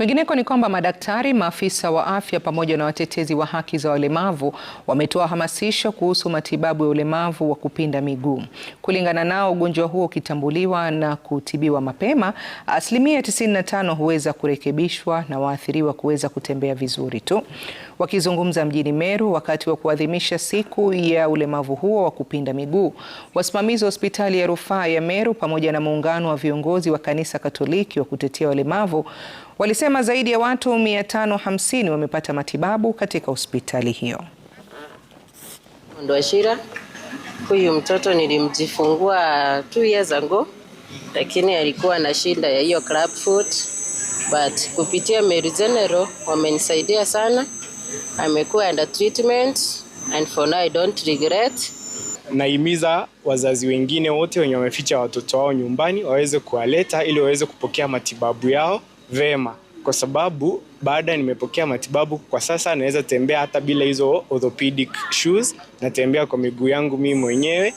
Kwingineko ni kwamba madaktari, maafisa wa afya pamoja na watetezi wa haki za walemavu wametoa hamasisho kuhusu matibabu ya ulemavu wa kupinda miguu. Kulingana nao, ugonjwa huo ukitambuliwa na kutibiwa mapema, asilimia 95 huweza kurekebishwa na waathiriwa kuweza kutembea vizuri tu. Wakizungumza mjini Meru wakati wa kuadhimisha siku ya ulemavu huo wa kupinda miguu, wasimamizi wa hospitali ya rufaa ya Meru pamoja na muungano wa viongozi wa kanisa Katoliki wa kutetea walemavu walisema zaidi ya watu 550 wamepata matibabu katika hospitali hiyo. Ndoashira, huyu mtoto nilimjifungua 2 years ago, lakini alikuwa na shida ya hiyo club foot, but kupitia Mary General wamenisaidia sana, amekuwa under treatment and for now I don't regret. Naimiza wazazi wengine wote wenye wameficha watoto wao nyumbani waweze kuwaleta ili waweze kupokea matibabu yao vema, kwa sababu baada nimepokea matibabu, kwa sasa naweza tembea hata bila hizo orthopedic shoes, natembea kwa miguu yangu mimi mwenyewe.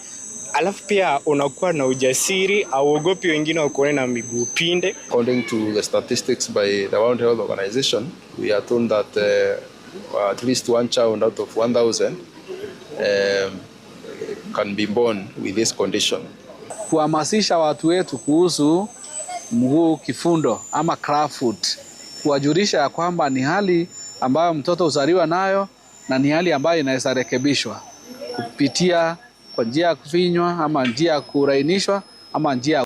Alafu pia unakuwa na ujasiri, auogopi wengine wakuone na miguu pinde. According to the statistics by the World Health Organization, we are told that uh, at least one child out of 1000 um, can be born with this condition. Kuhamasisha watu wetu kuhusu mguu kifundo ama club kuwajulisha ya kwamba ni hali ambayo mtoto huzaliwa nayo na ni hali ambayo inaweza rekebishwa kupitia kwa njia ya kufinywa ama njia ya kulainishwa ama njia